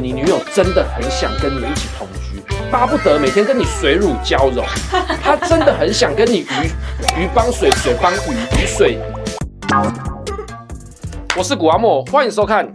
你女友真的很想跟你一起同居，巴不得每天跟你水乳交融。她真的很想跟你魚魚幫水水幫魚魚水。我是谷阿莫，歡迎收看《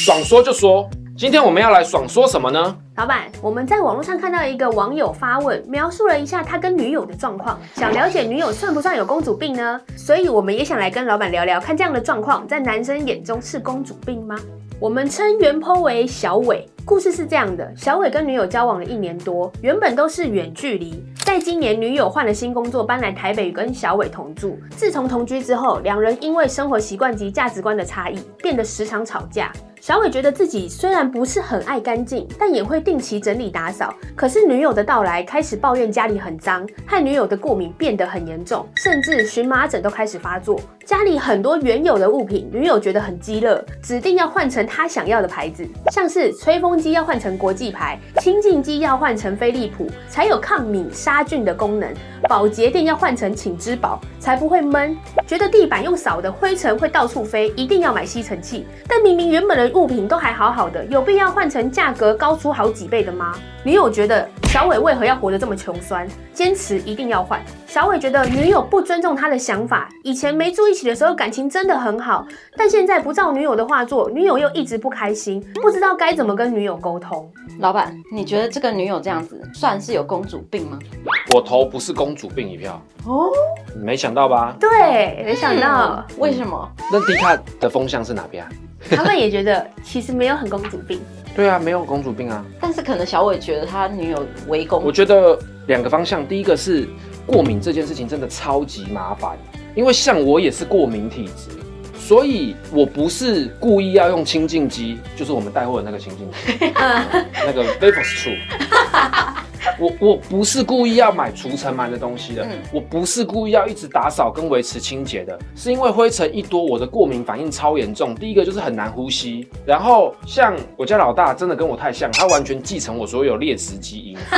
爽說就說》。今天我們要來爽說什麼呢？老板，我們在網絡上看到一個網友發問，描述了一下他跟女友的狀況，想了解女友算不算有公主病呢？所以我們也想來跟老板聊聊，看這樣的狀況在男生眼中是公主病嗎？我們稱原 PO 為小尾。故事是這樣的：小偉跟女友交往了一年多，原本都是遠距離。在今年，女友換了新工作，搬來台北，跟小偉同住。自從同居之後，兩人因為生活習慣及價值觀的差異，變得時常吵架。小偉覺得自己雖然不是很愛乾淨，但也會定期整理打掃。可是女友的到來，開始抱怨家裡很髒，和女友的過敏變得很嚴重，甚至蕁麻疹都開始發作。家裡很多原有的物品，女友覺得很雞肋，指定要換成她想要的牌子，像是吹風。風機要換成國際牌，清淨機要換成飛利浦才有抗敏殺菌的功能，保潔墊要換成請之寶才不會悶。覺得地板用掃的灰塵會到處飛，一定要買吸塵器。但明明原本的物品都還好好的，有必要換成價格高出好幾倍的嗎？女友覺得小偉為何要活得這麼窮酸，堅持一定要換。小偉覺得女友不尊重他的想法，以前沒住一起的時候感情真的很好，但現在不照女友的話做，女友又一直不開心，不知道該怎麼跟女。女友溝通，老板，你覺得這個女友這樣子算是有公主病嗎？我投不是公主病一票哦，沒想到吧？對，嗯、沒想到，為什麼？那、嗯、迪卡的風向是哪邊啊？他們也覺得 其實沒有很公主病，對，對啊，沒有公主病啊。但是可能小偉覺得他女友圍攻，我覺得兩個方向，第一個是過敏這件事情真的超級麻煩，因為像我也是過敏體質。所以，我不是故意要用清淨機，就是我們帶貨的那個清淨機、 嗯，那個 Vapor True。 我我不是故意要買除塵蟎的東西的，嗯、我不是故意要一直打掃跟維持清潔的，是因為灰塵一多，我的過敏反應超嚴重。第一個就是很難呼吸，然後像我家老大真的跟我太像，他完全繼承我所有劣質基因。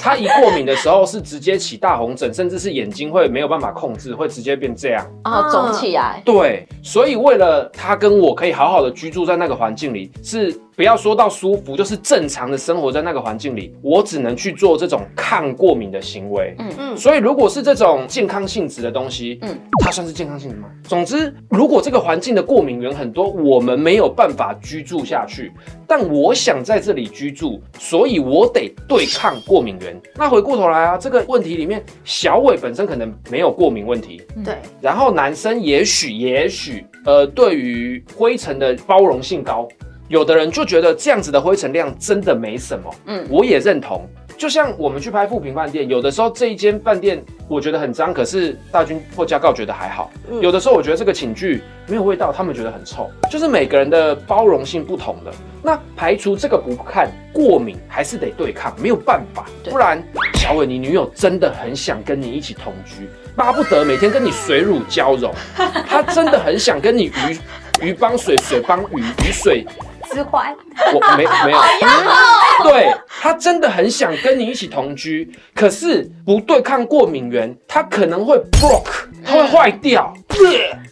他一過敏的時候是直接起大紅疹，甚至是眼睛會沒有辦法控制，會直接變這樣啊，腫、哦、起來。對，所以為了他跟我可以好好的居住在那個環境裡，是不要說到舒服，就是正常的生活在那個環境裡，我只能去。做這種抗過敏的行為，嗯嗯，嗯，所以如果是這種健康性質的東西，嗯，它算是健康性的嗎？總之，如果這個環境的過敏源很多，我們沒有辦法居住下去。但我想在這裡居住，所以我得對抗過敏源。那回過頭來啊，這個問題裡面，小偉本身可能沒有過敏問題，對、嗯。然後男生也許也許呃，對於灰塵的包容性高，有的人就覺得這樣子的灰塵量真的沒什麼，嗯，我也認同。就像我們去拍富平飯店，有的時候這一間飯店我覺得很髒，可是大軍或家告覺得還好。嗯、有的時候我覺得這個寢具沒有味道，他們覺得很臭。就是每個人的包容性不同的，那排除這個不看過敏，還是得對抗，沒有辦法。對不然，小偉，你女友真的很想跟你一起同居，巴不得每天跟你水乳交融。她 真的很想跟你魚魚幫水水幫魚魚水。 我沒沒有、嗯，對，他真的很想跟你一起同居，可是不對抗過敏源，他可能會 broke，他會壞掉，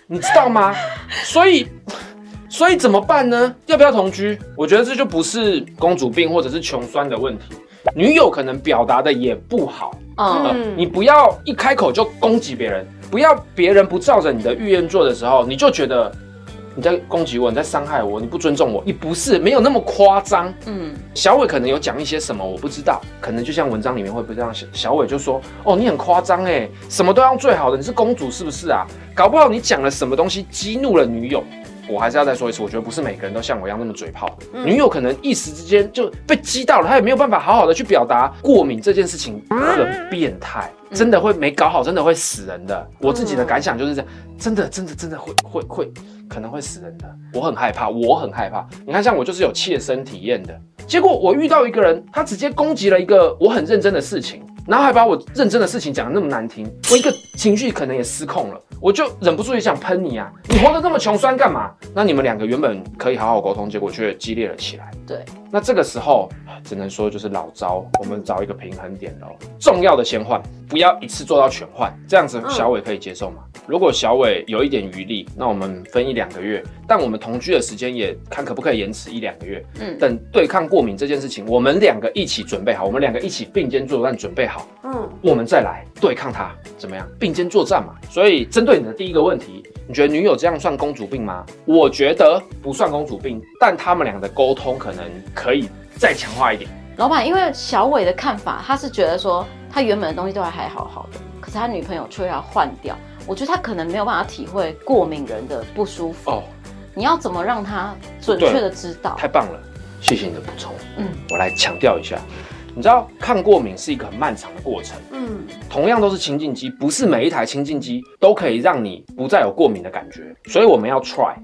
你知道嗎？所以，所以怎麼辦呢？要不要同居？我覺得這就不是公主病或者是窮酸的問題，女友可能表達的也不好，嗯、呃，你不要一開口就攻擊別人，不要別人不照着你的意願做的時候，你就覺得。你在攻擊我，你在傷害我，你不尊重我，你不是沒有那麼誇張。嗯，小偉可能有講一些什麼，我不知道，可能就像文章裡面會這樣寫，小偉就說：“哦，你很誇張哎，什麼都要用最好的，你是公主是不是啊？搞不好你講了什麼東西激怒了女友。”我還是要再說一次，我覺得不是每個人都像我一樣那麼嘴炮。嗯、女友可能一時之間就被激到了，她也沒有辦法好好的去表達，過敏這件事情很變態，嗯、真的會沒搞好，真的會死人的。我自己的感想就是這樣，真的真的真的，真的會會會可能會死人的，我很害怕，我很害怕。你看，像我就是有切身體驗的，結果我遇到一個人，他直接攻擊了一個我很認真的事情。然後還把我認真的事情講得那麼難聽，我一個情緒可能也失控了，我就忍不住也想噴你啊！你活得這麼窮酸幹嘛？那你們兩個原本可以好好溝通，結果卻激烈了起來。對，那這個時候只能說就是老招，我們找一個平衡點咯。重要的先換，不要一次做到全換，這樣子小偉可以接受嗎？嗯、如果小偉有一點餘力，那我們分一兩個月，但我們同居的時間也看可不可以延遲一兩個月？嗯，等對抗過敏這件事情，我們兩個一起準備好，我們兩個一起並肩作戰，準備好。嗯，我們再來對抗他，怎麼樣？並肩作戰嘛。所以針對你的第一個問題，你覺得女友這樣算公主病嗎？我覺得不算公主病，但他們倆的溝通可能可以再強化一點。老闆，因為小偉的看法，他是覺得說他原本的東西都還還好好的，可是他女朋友卻要換掉。我覺得他可能沒有辦法體會過敏人的不舒服。哦，你要怎麼讓他準確的知道，哦？太棒了，謝謝你的補充。嗯，我來強調一下。你知道，抗過敏是一個很漫長的過程。嗯，同樣都是清淨機，不是每一台清淨機都可以讓你不再有過敏的感覺，所以我們要 try。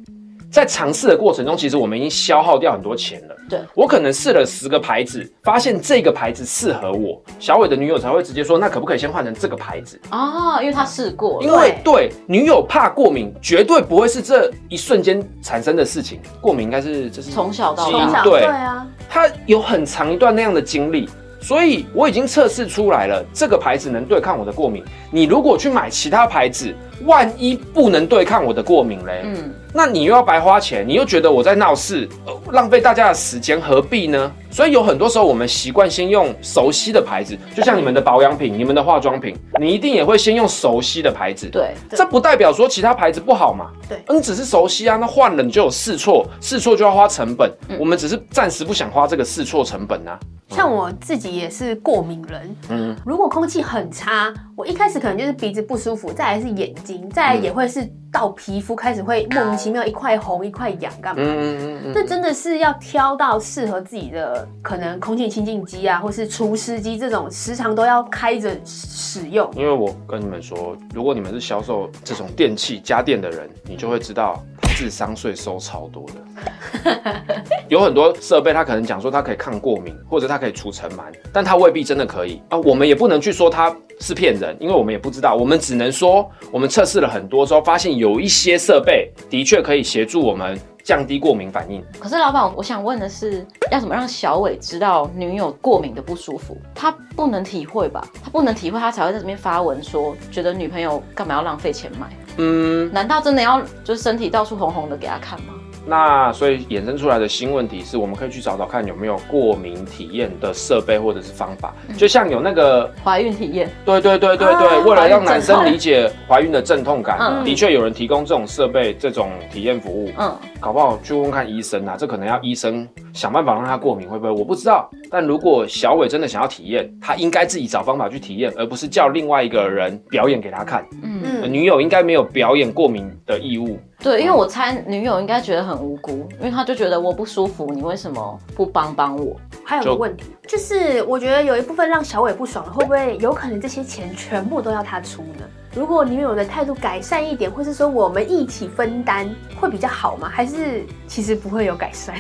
在嘗試的過程中，其實我們已經消耗掉很多錢了。對，我可能試了十個牌子，發現這個牌子適合我。小偉的女友才會直接說：“那可不可以先換成這個牌子？”哦，因為她試過、啊、對因為對女友怕過敏，絕對不會是這一瞬間產生的事情。過敏應該是這是從小到大，對啊，她有很長一段那樣的經歷，所以我已經測試出來了，這個牌子能對抗我的過敏。你如果去買其他牌子。萬一不能對抗我的過敏嘞？嗯，那你又要白花錢，你又覺得我在鬧事，浪費大家的時間，何必呢？所以有很多時候我們習慣先用熟悉的牌子，就像你們的保養品、你們的化妝品，你一定也會先用熟悉的牌子。對，對這不代表說其他牌子不好嘛。對，嗯，你只是熟悉啊。那換了你就有試錯，試錯就要花成本。嗯，我們只是暫時不想花這個試錯成本啊。像我自己也是過敏人，嗯，如果空氣很差，我一開始可能就是鼻子不舒服，再來是眼睛。再來也會是到皮膚開始會莫名其妙一塊紅一塊癢幹嘛？這真的是要挑到適合自己的，可能空氣清淨機啊，或是除濕機這種，時常都要開着使用。因為我跟你們說，如果你們是銷售這種電器家電的人，你就會知道，智商稅收超多的。 有很多設備，他可能講說他可以抗過敏，或者他可以除塵蟎，但他未必真的可以啊。我們也不能去說他是騙人，因為我們也不知道。我們只能說，我們測試了很多之後，發現有一些設備的確可以協助我們降低過敏反應。可是老闆，我想問的是，要怎麼讓小偉知道女友過敏的不舒服？他不能體會吧？他不能體會，他才會在這邊發文說，覺得女朋友幹嘛要浪費錢買？嗯，難道真的要就是身體到處紅紅的給他看嗎？那所以衍生出來的新問題是，我們可以去找找看有沒有過敏體驗的設備或者是方法，就像有那個懷孕體驗，對對對對對，為了讓男生理解懷孕的陣痛感，的確有人提供這種設備、這種體驗服務，嗯，搞不好去問看醫生啊，這可能要醫生想辦法讓他過敏會不會？我不知道，但如果小偉真的想要體驗，他應該自己找方法去體驗，而不是叫另外一個人表演給他看，嗯。女友應該沒有表演過敏的義務，嗯、對，因為我猜女友應該覺得很無辜，因為她就覺得我不舒服，你為什麼不幫幫我？還有一個問題，就，就是我覺得有一部分讓小偉不爽了，會不會有可能這些錢全部都要他出呢？如果女友的態度改善一點，或是說我們一起分擔會比較好嗎？還是其實不會有改善？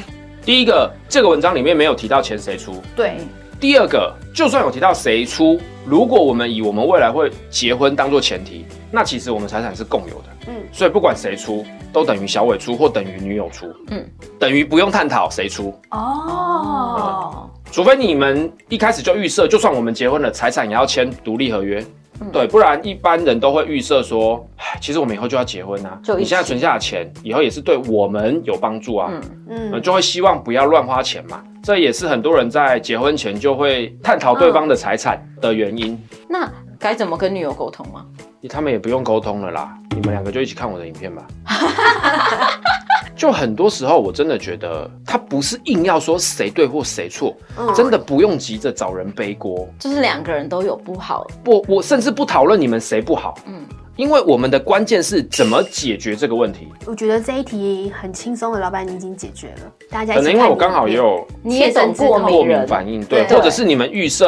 第一個，這個文章裡面沒有提到錢誰出，對。第二個，就算有提到誰出，如果我們以我們未來會結婚當做前提，那其實我們財產是共有的，嗯，所以不管誰出，都等於小偉出或等於女友出，嗯，等於不用探討誰出哦、嗯，除非你們一開始就預設，就算我們結婚了，財產也要簽獨立合約，嗯、對，不然一般人都會預設說唉，其實我們以後就要結婚啊，你現在存下的錢，以後也是對我們有幫助啊，嗯嗯，嗯，就會希望不要亂花錢嘛。這也是很多人在結婚前就會探討對方的財產的原因。嗯、那該怎麼跟女友溝通嗎？欸，他們也不用溝通了啦，你們兩個就一起看我的影片吧。 就很多時候，我真的覺得他不是硬要說誰對或誰錯，嗯、真的不用急着找人背鍋，就是兩個人都有不好、欸。不，我甚至不討論你們誰不好。嗯。因為我們的關鍵是怎麼解決這個問題？我覺得這一題很輕鬆的，老闆你已經解決了，大家可能因為我剛好也有你也懂過敏反應，對，或者是你們預設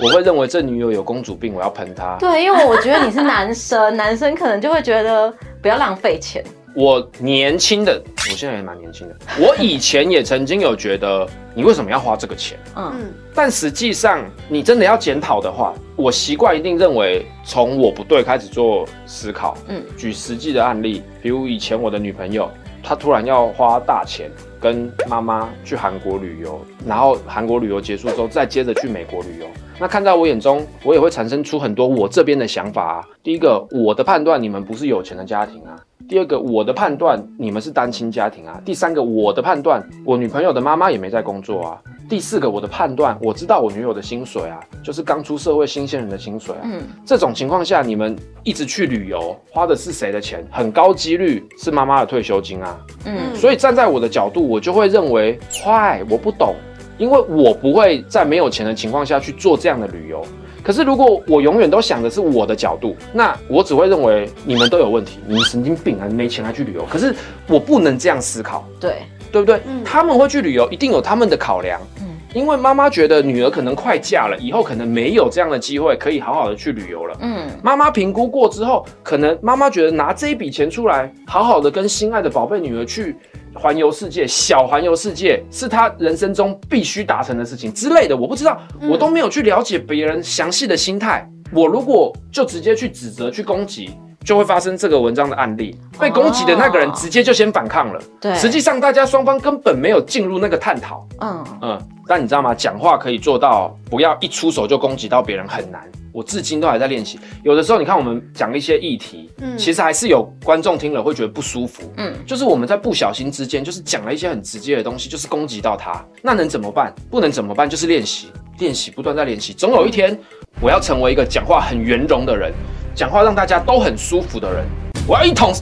我會認為這女友有公主病，我要噴她。對，因為我覺得你是男生， 男生可能就會覺得不要浪費錢。我年輕的，我現在也蠻年輕的。我以前也曾經有覺得，你為什麼要花這個錢？嗯，但實際上你真的要檢討的話，我習慣一定認為從我不對開始做思考。嗯，舉實際的案例，比如以前我的女朋友，她突然要花大錢跟媽媽去韓國旅遊，然後韓國旅遊結束之後，再接着去美國旅遊。那看在我眼中，我也會產生出很多我這邊的想法啊。第一個，我的判斷，你們不是有錢的家庭啊。第二個，我的判斷，你們是單親家庭啊。第三個，我的判斷，我女朋友的媽媽也沒在工作啊。第四個，我的判斷，我知道我女友的薪水啊，就是剛出社會新鮮人的薪水啊。嗯。這種情況下，你們一直去旅遊，花的是誰的錢？很高幾率是媽媽的退休金啊。嗯。所以站在我的角度，我就會認為，嗨，我不懂。因為我不會在沒有錢的情況下去做這樣的旅遊。可是如果我永遠都想的是我的角度，那我只會認為你們都有問題，你們神經病啊，沒錢還去旅遊。可是我不能這樣思考，對對不對？嗯，他們會去旅遊，一定有他們的考量。嗯，因為媽媽覺得女兒可能快嫁了，以後可能沒有這樣的機會可以好好的去旅遊了。嗯，媽媽評估過之後，可能媽媽覺得拿這一筆錢出來，好好的跟心愛的寶貝女兒去環遊世界，小環遊世界是他人生中必須達成的事情之類的，我不知道，我都沒有去了解別人詳細的心態。嗯、我如果就直接去指責、去攻擊，就會發生這個文章的案例。被攻擊的那個人直接就先反抗了。對、哦，實際上大家雙方根本沒有進入那個探討。嗯嗯，但你知道嗎？講話可以做到，不要一出手就攻擊到別人，很難。我至今都還在練習，有的時候你看我們講一些議題，嗯，其實還是有觀眾聽了會覺得不舒服，嗯，就是我們在不小心之間，就是講了一些很直接的東西，就是攻擊到他，那能怎麼辦？不能怎麼辦？就是練習，練習，不斷在練習。總有一天我要成為一個講話很圓融的人，講話讓大家都很舒服的人。我要一桶，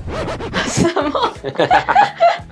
什麼？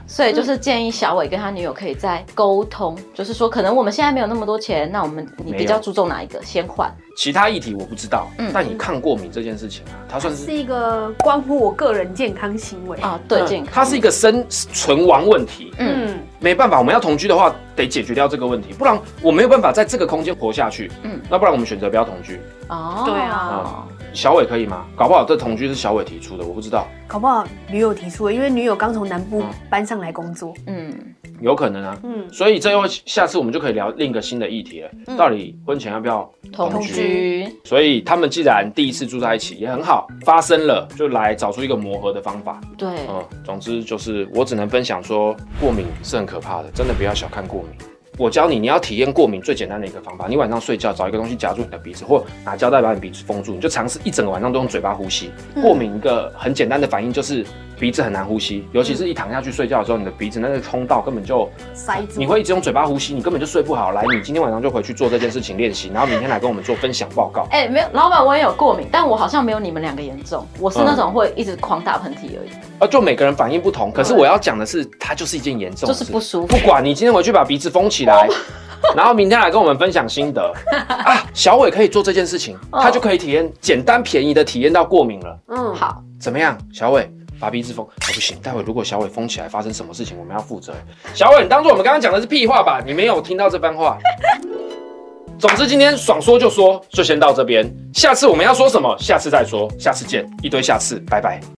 所以就是建議小偉跟他女友可以再溝通，就是說，可能我們現在沒有那麼多錢，那我們你比較注重哪一個，先換？其他議題我不知道，但你抗過敏這件事情啊，它算是是一個關乎我個人健康行為啊，對健康，它是一個生存亡問題。嗯，沒辦法，我們要同居的話，得解決掉這個問題，不然我沒有辦法在這個空間活下去。嗯，那不然我們選擇不要同居。哦，對啊。小偉可以嗎？搞不好這同居是小偉提出的，我不知道。搞不好女友提出的，因為女友剛從南部搬上來工作。嗯，嗯，有可能啊。嗯，所以這又下次我們就可以聊另一個新的議題了。嗯、到底婚前要不要同居？同居，所以他們既然第一次住在一起也很好，發生了就來找出一個磨合的方法。對，嗯，總之就是我只能分享說，過敏是很可怕的，真的不要小看過敏。我教你，你要體驗過敏最簡單的一個方法，你晚上睡覺，找一個東西夾住你的鼻子，或拿膠帶把你鼻子封住，你就嘗試一整個晚上都用嘴巴呼吸。嗯、過敏一個很簡單的反應就是。鼻子很難呼吸，尤其是一躺下去睡覺的時候，你的鼻子那個通道根本就塞住，你會一直用嘴巴呼吸，你根本就睡不好。來，你今天晚上就回去做這件事情練習，然後明天來跟我們做分享報告。哎，沒有，老闆，我也有過敏，但我好像沒有你們兩個嚴重，我是那種會一直狂打噴嚏而已。啊，就每個人反應不同，可是我要講的是，它就是一件嚴重的事，就是不舒服。不管你今天回去把鼻子封起來，然後明天來跟我們分享心得啊，小偉可以做這件事情，他就可以體驗簡單便宜的體驗到過敏了。嗯，好，怎麼樣，小偉？發自封瘋，哦、不行！待會如果小偉封起來，發生什麼事情，我們要負責。小偉，你當作我們剛剛講的是屁話吧，你沒有聽到這番話。 總之今天爽說就說，就先到這邊。下次我們要說什麼，下次再說。下次見，一堆下次，拜拜。